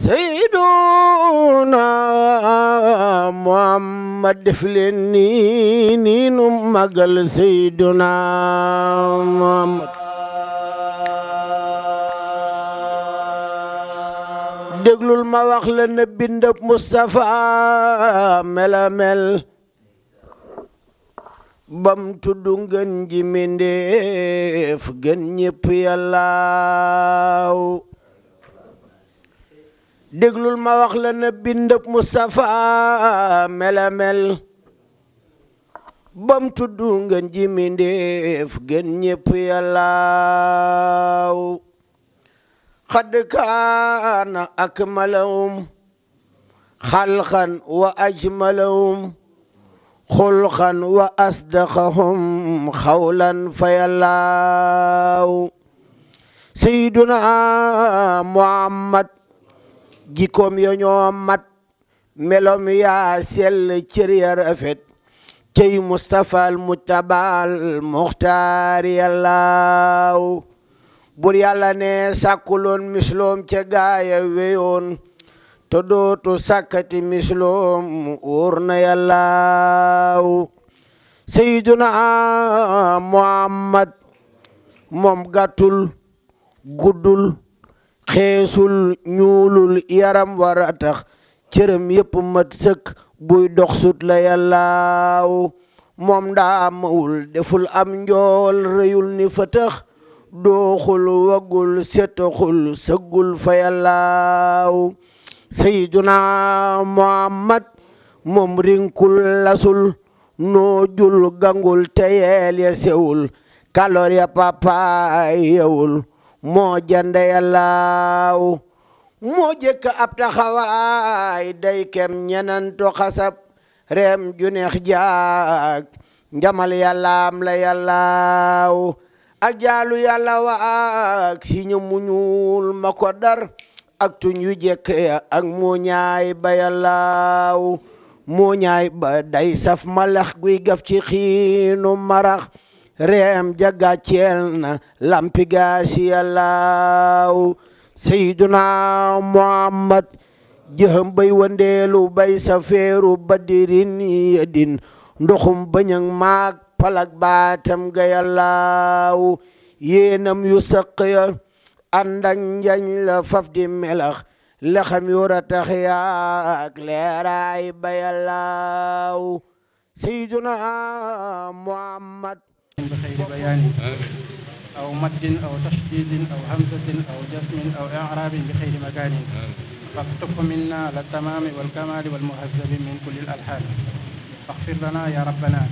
sayyiduna muhammad def leen nii nii nu magal sayyiduna muhammad déglul ma wax la ne bindab Mustafa melamel bam tudd ngën ji mindeef gën ñëpp yàllaaw déglul ma wax la na bindëb Moustapha melamel bam tudd ngeen ji mindéef gën ñépp yàllaaw akmalahum xalxan wa ajmalahum xulxan wa asdaxahum xawlan fa yàllaaw sayyiduna Muhammad jikkoom ya ñoo mat meloom yaa sell cër ya cey Mustafa al Mujtaba al Muxtaar yàllaaw bur yàlla ne sàkkuloon misloom ca gaaya weyoon to dootu sàkkati misloom wóor na yàllaaw Seyduna Muhammad moom gàttul guddul xeesul ñuulul yaram waratax a tax cërëm yépp mat sëkk buy dox sut la yàllaaw moom daa mawul deful am njool rëyul ni fëtëx dooxul wagul setaxul sëggul fa yàllaaw sayyiduna muhammad moom rinkul lasul noojul gangul teyeel ya sewul kaloor ya papa moo jande yallaaw moo jëkk ab taxawaay day kem ñenantu xasab reem juneex jaag njamal yàllaam la yallaaw ak jaalu yàlla waak si ñu mu ñuul ma ko dar ak tuñ yu jëkk ak moo ñaay ba yallaaw moo ñaay ba day saf malax guy gaf ci xiinu marax reem jagga ceel na lampi gaasi yallaaw sayyiduna muhammad jëxam bay wandeelu bay safeeru badirin yedin ndoxum bañang maak palak baatam ga yallaaw yéenam yu sëq ya ànd ak melax lexam yu ratax yaak leeraay ba yallaaw sayyiduna muhammad بخير بيان أو مد أو تشديد أو همزة أو جسم أو إعراب بخير مكان فاقتك منا للتمام والكمال والمهذب من كل الألحان فاغفر لنا يا ربنا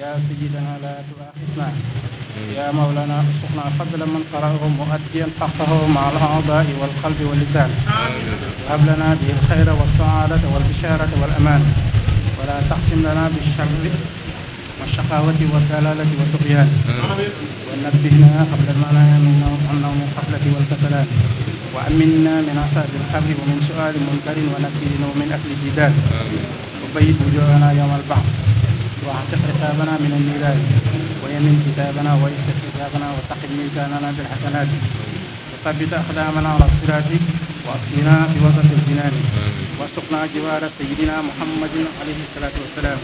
يا سيدنا لا تؤاخذنا يا مولانا استقنا فضلا من قرأه مؤديا حقه مع الأعضاء والقلب واللسان وهب لنا به الخير والسعادة والبشارة والأمان ولا تختم لنا بالشر والشقاوة والدلالة والطغيان ونبهنا قبل المنايا عن نوم القفلة والكسلان وأمنا من عذاب القبر ومن سؤال منكر ونكسر ومن أكل الجدال وبيد وجوهنا يوم البعث واعتق رقابنا من النيران ويمن كتابنا ويسر حسابنا وسقم ميزاننا بالحسنات وثبت أقدامنا على الصراط وأسقنا بوسط الجنان واسقنا جوار سيدنا محمد عليه الصلاة والسلام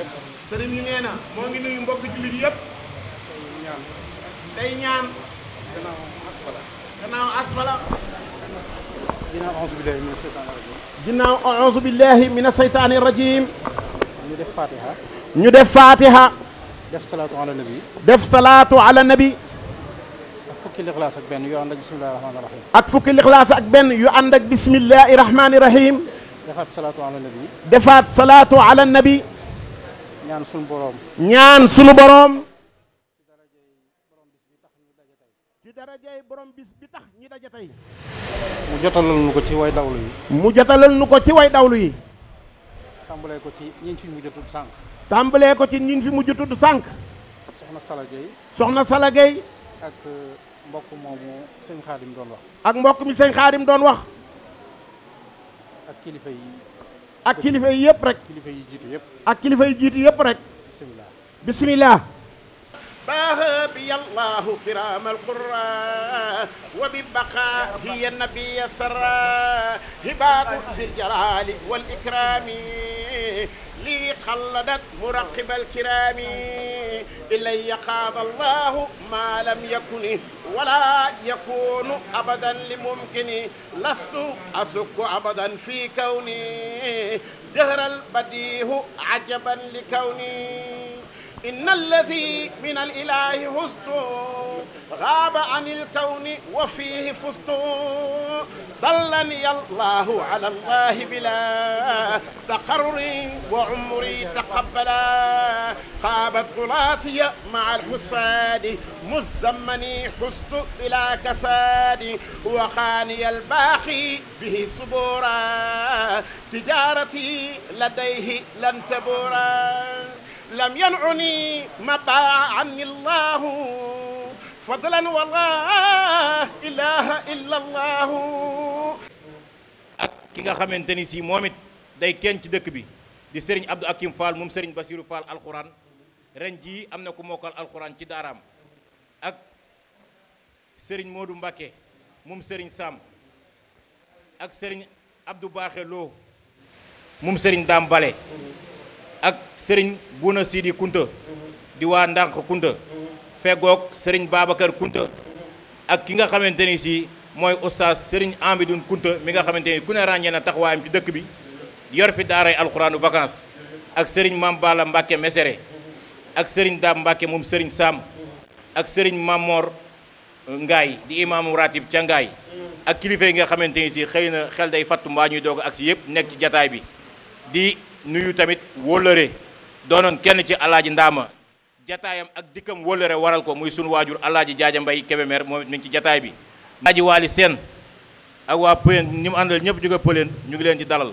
yëpp sëriñ bi nee na moo ngi nuyu mbokk jullit yëpp tey ñaan tey ñaan gannaaw asbala gannaaw asbala ginnaaw auzu billahi mina seytaani rajim ginnaaw auzu billahi mina seytaani rajim ñu def fatiha ñu def fatiha def salaatu ala nabi def salaatu ala nabi ak fukki lixlaas ak benn yu ànd ak bismillahi rahmaani rahim ak fukki lixlaas ak benn yu ànd ak bismillahi rahmaani rahim defaat salaatu ala nabi defaat salaatu ala nabi ñaan sunu boroom. ñaan sunu boroom. ci darajay borom bis bi tax ñi daje tey. mu jotalal nu ko ci way dawlu yi. mu jotalal nu ko ci way dawlu yi. tàmbalee ko ci ñi fi mujj tudd sànq. tàmbalee ko ci ñi fi mujj tudd sànq. soxna Sala soxna Sala ak euh, mbokk moomu sëñ Xaadim doon wax. ak mbokk mi sëñ Xaadim doon wax. yi. ak kilifa yi yëpp rek kilifa yi jiitu yëpp ak kilifa yi jiitu yëpp rek bismillah bismillah باه بي الله كرام القراء وببقاء هي النبي سرى هبات ذي الجلال والإكرام لي خلدت مرقب الكرام إلي قاد الله ما لم يكن ولا يكون أبدا لممكن لست أسك أبدا في كوني جهر البديه عجبا لكوني inna allazi min al ilahi hustu xaaba an il kawni wa fiihi fustu dallani allahu ala allahi bila taqarrurin wa umri taqabbala xaabat xulaatiya maa alxusaadi muzammani xustu bila kasaadi wa xaaniya albaaxi bihi subura tijaarati ladayhi lan tabura لم ينعني ما باع عني الله فضلا والله إله إلا الله ki nga xamante ni sii moom it day kenn ci dëkk bi di Serigne Abdou Akim Fall moom Serigne Bassirou Fall alxuraan ren jii am na ku mokkal alxuraan ci daaraam ak Serigne Modou Mbacké moom Serigne Sam ak Serigne Abdou Baaxe Lo moom Serigne Dame Bale ak sëriñ Buna Sidi Kunta di waa Ndànk Kunta feggoog sëriñ Babacar Kunta ak ki nga xamante ni si mooy oustaz sëriñ Amidun Kunta mi nga xamante ni ku ne ràññee na taxawaayam ci dëkk bi yor fi daaray alxuraanu vacances ak sëriñ Mam Bala Mbàkke Mesere ak sëriñ Daam Mbàkke moom sëriñ Saam ak sëriñ Mamor Ngaay di imaamu ratib ca Ngaay ak kilifa yi nga xamante ni si xëy na xel day fàttu mbaa ñuy doog ak si yëpp nekk ci jataay bi nuyu tamit wóllëre doonoon kenn ci alaaji ndaama jataayam ak dikkam wóllëre waral ko muy sunu waajur alaaji jaaja mbay Kébémer moom it mi ngi ci jataay bi alaaji waali seen ak ni mu àndal ñëpp jóge pëleen ñu ngi leen di dalal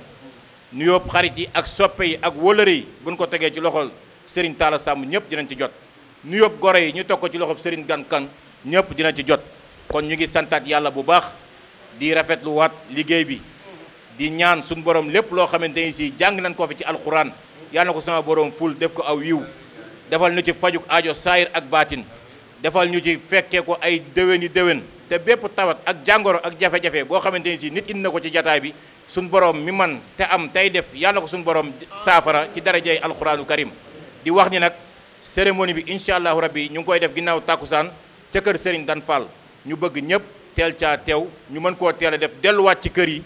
nuyoo xarit yi ak soppe yi ak wóllëre yi buñ ko tegee ci loxol Serigne Talla sàmm ñëpp dinañ ci jot nuyoo gore yi ñu teg ko ci loxol Serigne Gan Kan ñëpp dina ci jot kon ñu ngi santaat yàlla bu baax di rafetlu waat liggéey bi di ñaan suñu borom lépp loo xamante ni si jàng nañ koo fi ci alxuraan yàlla ko sama borom ful def ko aw yiw defal ñu ci fajuk ajo saayir ak baatin defal ñu ci fekkee ko ay déwéni déwén te bépp tawat ak jàngoro ak jafe-jafe boo xamante ni si nit indi na ko ci jataay bi suñ borom mi man te am tey def yàlla ko suñu borom saafara ci darajey alxuraanu karim di wax ni nag cérémonie bi incha allahu rabbi ñu ngi koy def ginnaaw tàkkusaan ca kër Serigne Dan ñu bëgg ñëpp teel caa teew ñu mën koo teel def delluwaat ci kër yi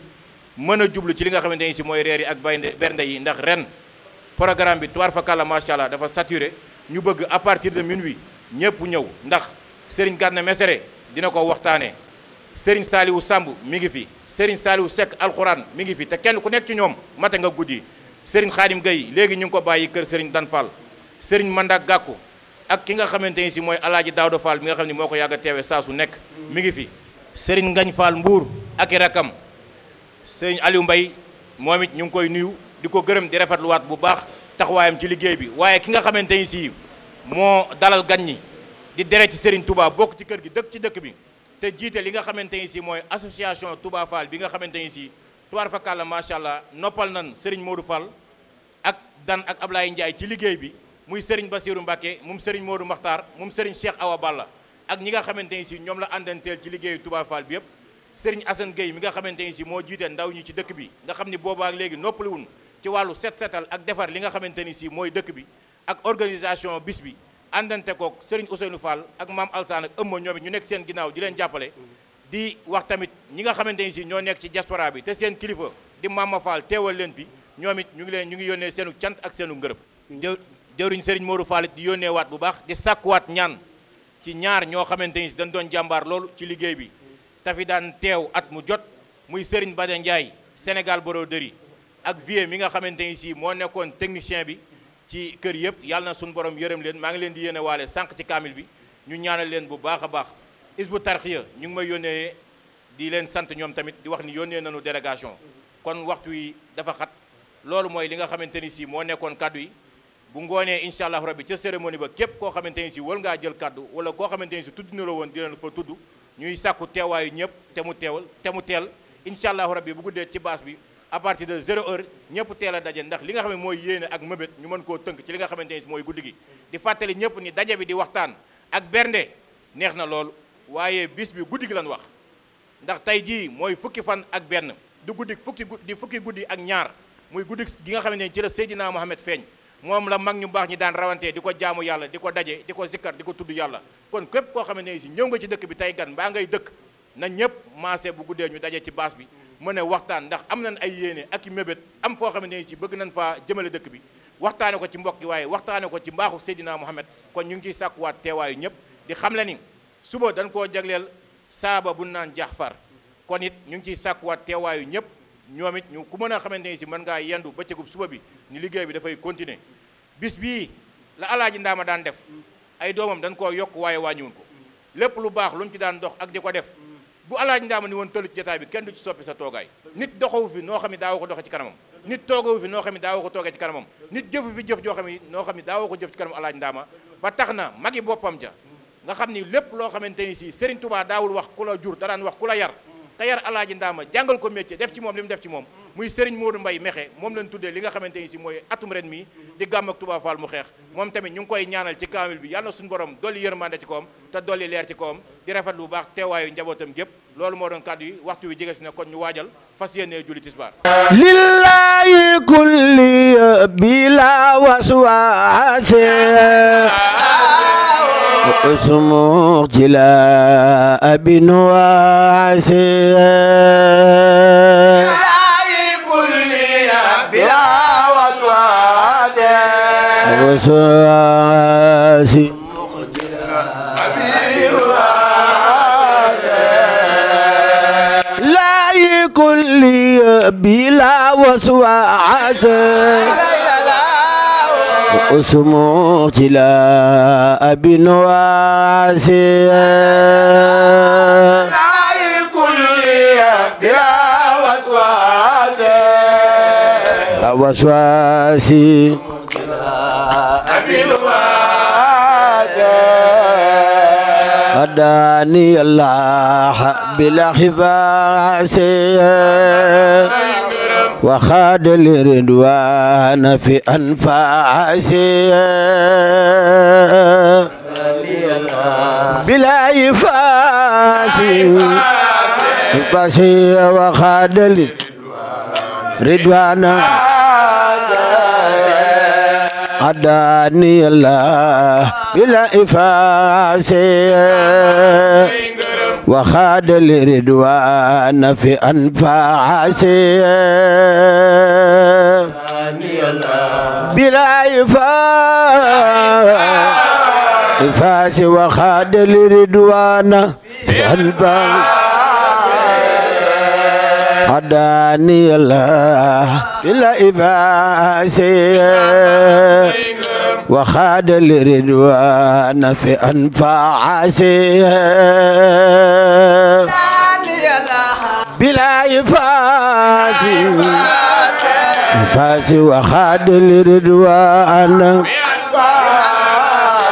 mën a jublu ci li nga xamante ni si mooy reer yi ak bernde yi ndax ren programme bi tuwaar fa kalla macha allah dafa saturé ñu bëgg à partir de minuit ñëpp ñëw ndax Serigne Gana Messere dina ko waxtaanee saali wu Samb mi ngi fi saali wu sekk alxuraan mi ngi fi te kenn ku nekk ci ñoom mate nga guddi Serigne Khadim gay léegi ñu ngi ko bàyyi kër Serigne Dan Fall Serigne Mandak Gakou ak ki nga xamante ni si mooy Alaaji Daawda Fall mi nga xam ne moo ko yàgg a teewe saa su nekk mi ngi fi Serigne Ngañ Fall Mbour ak rakam sëñ Aliou mbay moom it ñu ngi koy nuyu di ko gërëm di rafetluwaat bu baax tax waayam ci liggéey bi waaye ki nga xamante ni sii moo dalal gan ñi di dere ci Serigne Touba bokk ci kër gi dëkk ci dëkk bi te jiite li nga xamante ni si mooy association Touba Fall bi nga xamante ni sii tuwaar fa kàlla macha allah noppal nan Serigne Modou Fall ak Dan ak Ablaye Ndiaye ci liggéey bi muy Serigne Bassirou Mbacké moom Serigne Modou Makhtar moom Serigne Cheikh Awa Balla ak ñi nga xamante ni si ñoom la àndanteel ci liggéeyu Touba Fall bi yëpp. Serigne Assane Gueye mi nga xamante ni si moo jiite ndaw ñi ci dëkk bi nga xam ni boobaak léegi noppaluwun ci wàllu set setal ak defar li nga xamante ni si mooy dëkk bi ak organisation bis bi àndante koog Serigne Ousseynou Fall ak maam Alsaan ak ëmma ñoom ñu nekk seen ginnaaw di leen jàppale di wax tamit ñi nga xamante ni si ñoo nekk ci diaspora bi te seen kilifa di maam Mama Fall teewal leen fi ñoom it ñu ngi leen ñu ngi yónnee seenu cant ak seenu ngërëm jëwriñ Serigne Modou Fall di yónnee waat bu baax di sàkkuwaat ñaan ci ñaar ñoo xamante ni si dañ doon jàmbaar loolu ci liggéey bi te daan teew at mu jot muy Serigne Bada Ndiaye Sénégal Broderie ak vie mi nga xamante ni si moo nekkoon technicien bi ci kër yëpp yàlla na suñu borom yërëm leen maa ngi leen di yéene waale sànq ci kaamil bi ñu ñaanal leen bu baax a baax Hizbut Tarqiyyah ñu ngi may yónnee di leen sant ñoom tamit di wax ni yónnee nanu délégation kon waxtu wi dafa xat loolu mooy li nga xamante ni si moo nekkoon kaddu yi bu ngoonee incha allahu rabbi ca cérémonie ba kép koo xamante ni si wal ngaa jël wala koo xamante ni si tudd woon di leen fa tudd ñuy sàkku teewaayu ñëpp te mu teel te mu teel incha allahu rabbi bu guddee ci baas bi à partir de zéro heure ñëpp teel a daje ndax li nga xam ne mooy yéene ak mébét ñu mën koo tënk ci li nga xamante ni mooy guddi gi di fàttali ñëpp ni daje bi di waxtaan ak bernde neex na lool waaye bis bi guddi gi lan wax ndax tey jii mooy fukki fan ak benn du guddi fukki di fukki guddi ak ñaar muy guddi gi nga xam ni ci la Seydina Mohamed feeñ moom la mag ñu baax ñi daan rawantee di ko jaamu yàlla di ko daje di ko zikkar di ko tudd yàlla kon képp koo xamante ne si ñëw nga ci dëkk bi tey gan baa ngay dëkk na ñëpp maase bu guddee ñu daje ci baas bi mëne waxtaan ndax am na nañ ay yéene ak i mébét am foo xamante ne si bëgg nañ faa jëmale dëkk bi waxtaane ko ci mbokk yi waaye waxtaane ko ci mbaaxu Seydina Muhammad kon ñu ngi ciy sàkkuwaat teewaayu ñëpp di xam le ni suba dañ koo jagleel saaba bu naan jaxfar kon it ñu ngi ciy sàkkuwaat teewaayu ñëpp ñoom it ñu ku mën a xamante ne si mën ngaa yendu bëccëgub suba bi ni liggéey bi dafay continuer bis bii la alaaji ndaama daan def ay doomam dañ koo yokk waaye wàññiwun ko lépp lu baax lu mu ci daan dox ak di ko def bu alaaji ndaama ni woon tëlu jataay bi kenn du ci soppi sa toogaay nit doxawu fi noo xam ne daawoo ko doxe ci kanamam nit toogawu fi noo xam ne daawoo ko toogee kanamam nit jëfu fi jëf joo xam ne noo xam ne daawoo ko jëf ci kanam alaaji ndaama ba tax na magi boppam ja nga xam ni lépp loo xamante ni si Serigne Touba daawul wax ku la jur daraan wax ku la yar te yar alaaji ndaama jàngal ko métier def ci moom li mu def ci moom muy Serigne Modou mbay Mexe moom lañ tuddee li nga xamante ni si mooy atum ren mi di gàmm ak mu xeex moom tamit ñu ngi koy ñaanal ci kaamil bi yàlla suñu borom dolli yërmande ci koom te dolli leer ci koom di rafet lu baax te waayu njabootam gépp loolu moo doon kàddu yi waxtu wi jege si ne kon ñu waajal fas yéenee julli tisbaar lillahi kulli bila waswaase اسمه جلاء بلا وسواس وسواس لا يكل بلا وسواس اسمه لا ابي نواسي لا يكل بلا وسواسي أداني الله بلا خفاسي وخاد الردوان في أنفاسي بلا يفاسي يفاسي وخاد الردوان أداني الله بلا إفاسي وخاد لردوان في أنفاسي بلا إفاسي وخاد لردوان في أنفاسي هداني الله إلى إباسي وخاد لردوان في أنفاسي بلا إفاسي إفاسي وخاد لردوان في أنفاسي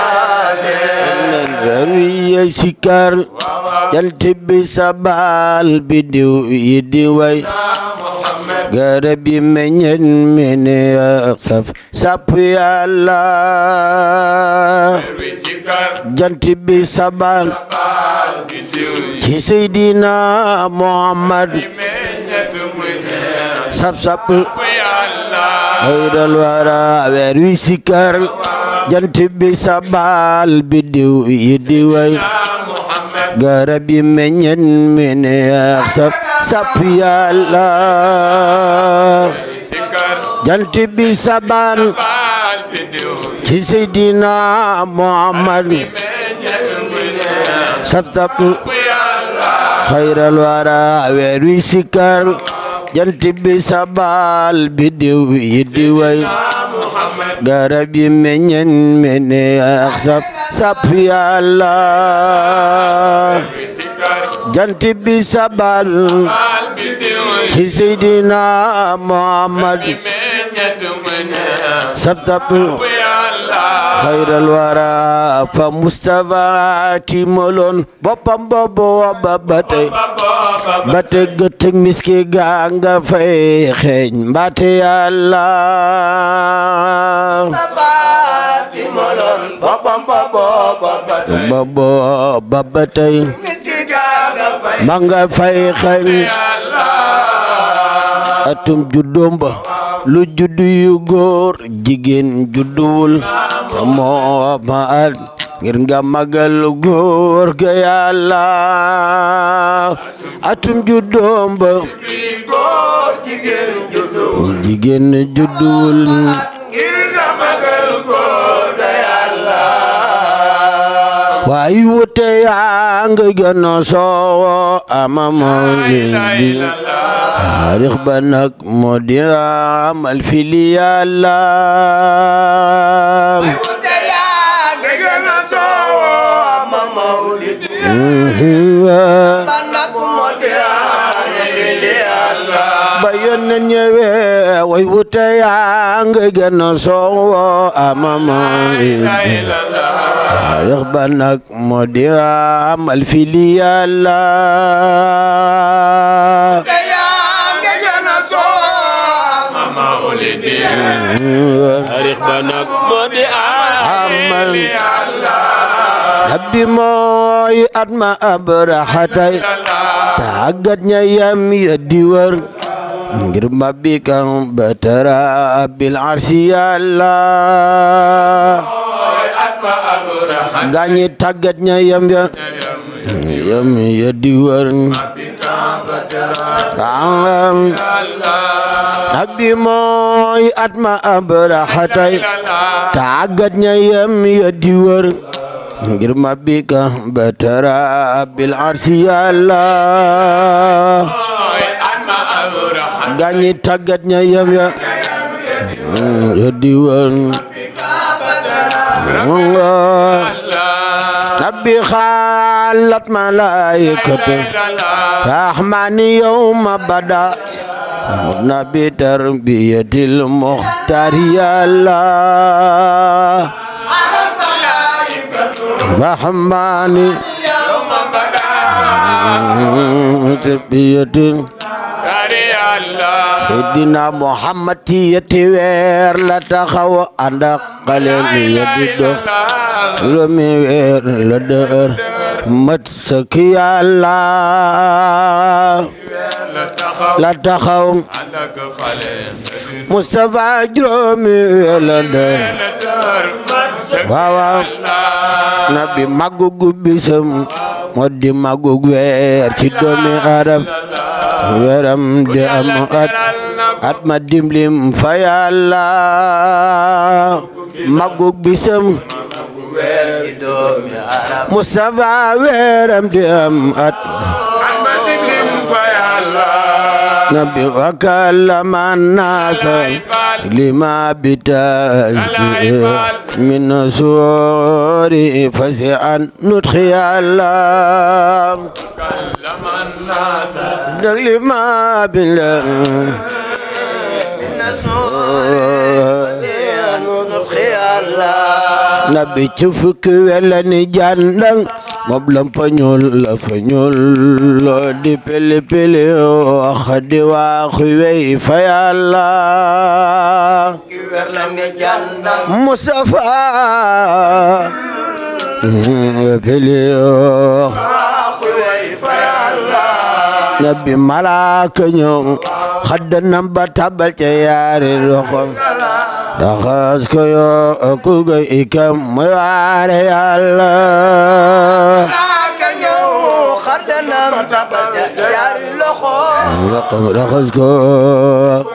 الذرية شكر jalti bi sabal bi diw yi di way garab yi meññet mi ne saf sap yàlla janti bi sabal ci seydina muhammad sap sap xayral wara weer wi sikar bi sabal bi diw yi di way garab yi meññet meneex sap sap yàlla jant bi saban ci seydina muhammad sap sap xayral wara weeru sikar jant bi sabal bi diw yi di way garab yi meññeen mene ak sap la yàlla jant bi sabal ci Seydina Muhammad خير الورى فمستفى تيمولون بابام بابا باباتي باتي گت مسكي گانغا فاي خين باتي الله تيمولون بابام بابا باباتي بابا باباتي مسكي گانغا فاي مانغا فاي خين atum juddoom ba lu juddu yu góor jigéen judduwul moo ma at ngir nga magal góor ga yàlla atum juddoom ba jigéen judduwul waay wute yaa nga gën a soowo ama mawlidi taarix ba nag moo di amal fili ba yónne ñëwee way wute yaa nga gën a soowo ama mawlidi tariix ba nag moo di amal fi li yàlla tariix ba nag moo di amal fi li mooy at ma abraxatay tàggat ña yam ya di wër ngir mabbi kan batara bil arsi yàlla gaañi tàggat ña yam ya yem ya di wër am abbi mooy at ma abraha tey tàggat ña yem ya di ngir ma bi batara bil arsi yàlla gaañi tàggat ña yem ya ya di ربي خالت ملائكته رحمن يوم بدا نبي تربية المختار يا الله رحمن يوم بدا تربية seydina muhammad ci yetti weer la taxaw ànd ak xale yi di dox juróomi weer la dër mat sëkk yàlla la taxaw Moustapha juróomi la dër waawa nabi màggug bisam moo di màggug weer ci doomi arab weeram di am at ma dimlim fa yàlla màggug bisam Mustafa weeram di am at nabi wa kallama naasa lima bitaji min suuri fasi an nutxi Allah lima bila nabi ci fukki wela ni jàndang moom lampa ñuul la fa ñuul di pili pili wax di waaxu wey fa yàlla Mustafa pili waxu wey fa ba tabal ca yaari daxas ko yoo ku gay ikam mooy waare yàlla naaka ñëw xar danam yaari loxo daxas ko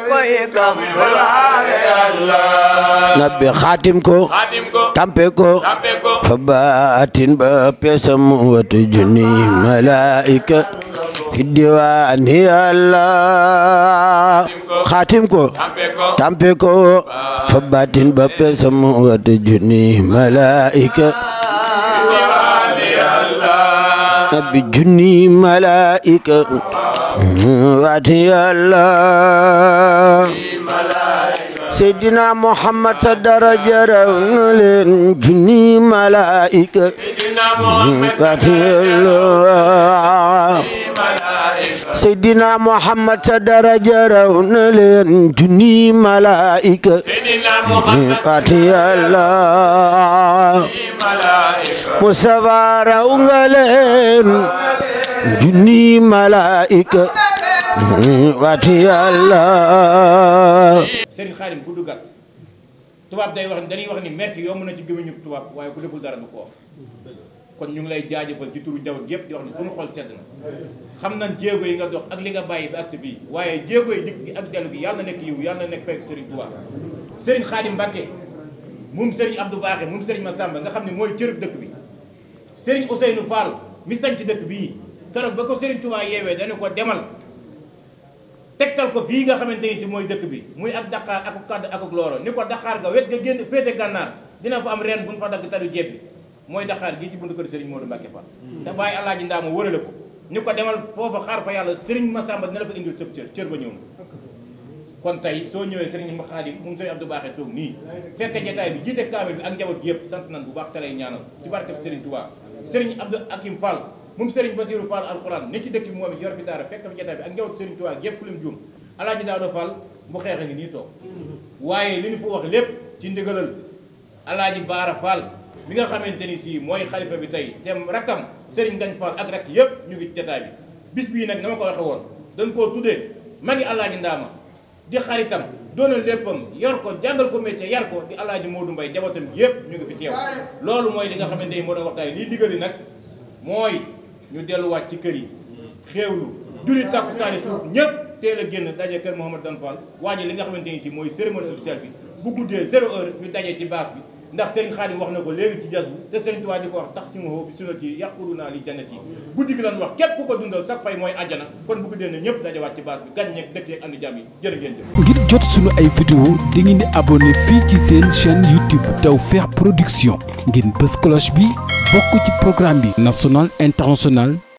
ku ikam mooy waare yàlla nabi xaatim ko tampe ko fa baatin ba pesam watu junni malaika fi diwaan Allah xaatim ko tampe ko fa baatin ba pesam wata junni malaika rabbi junni malaika waati Allah Seydina Muhammad sa daraja raw leen junni malaika waati Allah Seydina Muhammad sa daraja raw na leen junni malaika ati Allah Mustafa leen junni malaika ati Allah Serigne Khadim bu dugal dañuy wax ni na ci gëmuñu tubaab kon ñu ngi lay jaajëfal ci turu njaboot yëpp di wax ne suñu xol sedd na xam nañ jéego yi nga dox ak li nga bàyyi bi ak si bii waaye jéego yi dikk gi ak dellu gi yàlla nekk yiw yàlla na nekk fekk Serigne Touba Serigne Khadim Mbacké moom Serigne du Baaxe moom ma Massamba nga xam ne mooy cërëb dëkk bi sëriñ Serigne Ousseynou Fall mi sanc dëkk bi keroog ba ko Serigne Touba yeewee dañu ko demal tegtal ko fii nga xamante ni si mooy dëkk bi muy ak daqaar ak kadd ak looro ni ko Dakar ga wet ga génn féete gànnaar dina fa am reen bu ñu fa dagg talu mooy daxaar gi ci buntu kër Serigne Modou Mbacke Fall te bàyyi alaaji ndaama wërale ko ñu ko demal foofa xaar fa yàlla Serigne Massamba dina la fa indil sëb cër cër ba ñëw na kon tey soo ñëwee Serigne Khadim moom Serigne Abdou Baaxee toog nii fekk jotaay bi jiite kaamil bi ak njaboot gi yëpp sant nan bu baax te lay ñaanal ci barkeb Serigne Touba Serigne Abdou Akim Fall moom Serigne Basirou Fall alxuraan ne ci dëkk bi moom it yor fi daara fekk fi jotaay bi ak njaboot Serigne Touba yëpp lim juum alaaji Daado Fall bu xeex a ngi nii waaye li ñu fa wax lépp ci ndigalal alaaji Baara Fall bi nga xamante ni sii mooy xalifa bi tey te rakkam Serigne Ngagne Fall ak rakk yëpp ñu ngi jotaay bi bis bii nag na ma ko waxe woon dañ koo tuddee magi Alaaji Ndaama di xaritam doona léppam yor ko jàngal ko métier yar ko di Alaaji Modou Mbaye jabatam yëpp ñu ngi fi teew loolu mooy li nga xamante ni moo doon waxtaay lii diggali nag mooy ñu delluwaat ci kër yi xéewlu julli tàkku saani suuf ñëpp teel a génn daje kër Mouhamadou Dan Fall waaji li nga xamante ni si mooy cérémonie officielle bi bu guddee zéro heure ñu daje ci base bi ndax Serigne Khadim wax na ko léegi ci jas bu te Serigne Touba di ko wax tax simaho bi sunati yaquluna li jannati guddi gi lan wax képp ku ko dundal sax fay mooy àjjana kon bu guddee na ñëpp dajawaat ci baas bi gan ñeeg dëkk yeeg andi jàmm yi jërë ngeen jëf ngir jot suñu ay vidéo di ngeen di fii ci seen chaîne YouTube Tawfekh Production ngeen bës cloche bi bokk ci programme bi national international